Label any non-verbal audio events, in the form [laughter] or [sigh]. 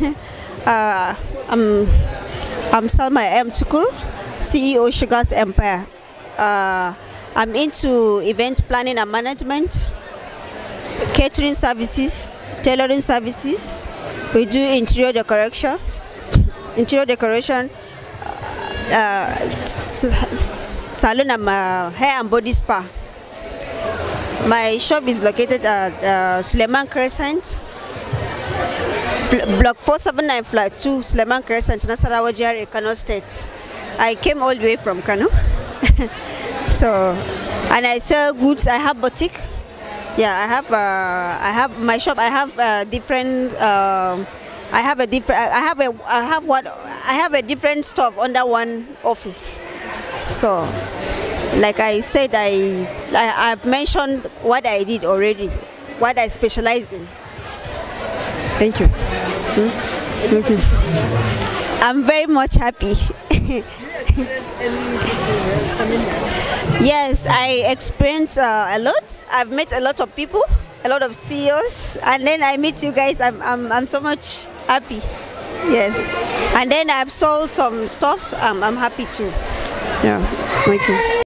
[laughs] uh, I'm, um, I'm Salma M. Tukur, CEO Sugars Empire. Uh, I'm into event planning and management, catering services, tailoring services. We do interior decoration, [laughs] interior decoration, uh, salon and uh, hair and body spa. My shop is located at uh, Suleiman Crescent, Block 479, Flat 2, Sleman Crescent, Nasarawa Kano State. I came all the way from Kano. [laughs] so, and I sell goods. I have boutique. Yeah, I have. Uh, I have my shop. I have uh, different. Uh, I have a different. I have a. I have what. I have a different stuff under one office. So, like I said, I, I I've mentioned what I did already, what I specialized in. Thank you. Hmm? Thank you. I'm very much happy. [laughs] yes, I experienced uh, a lot. I've met a lot of people, a lot of CEOs, and then I meet you guys. I'm, I'm, I'm so much happy. Yes, and then I've sold some stuff. I'm, I'm happy too. Yeah, thank you.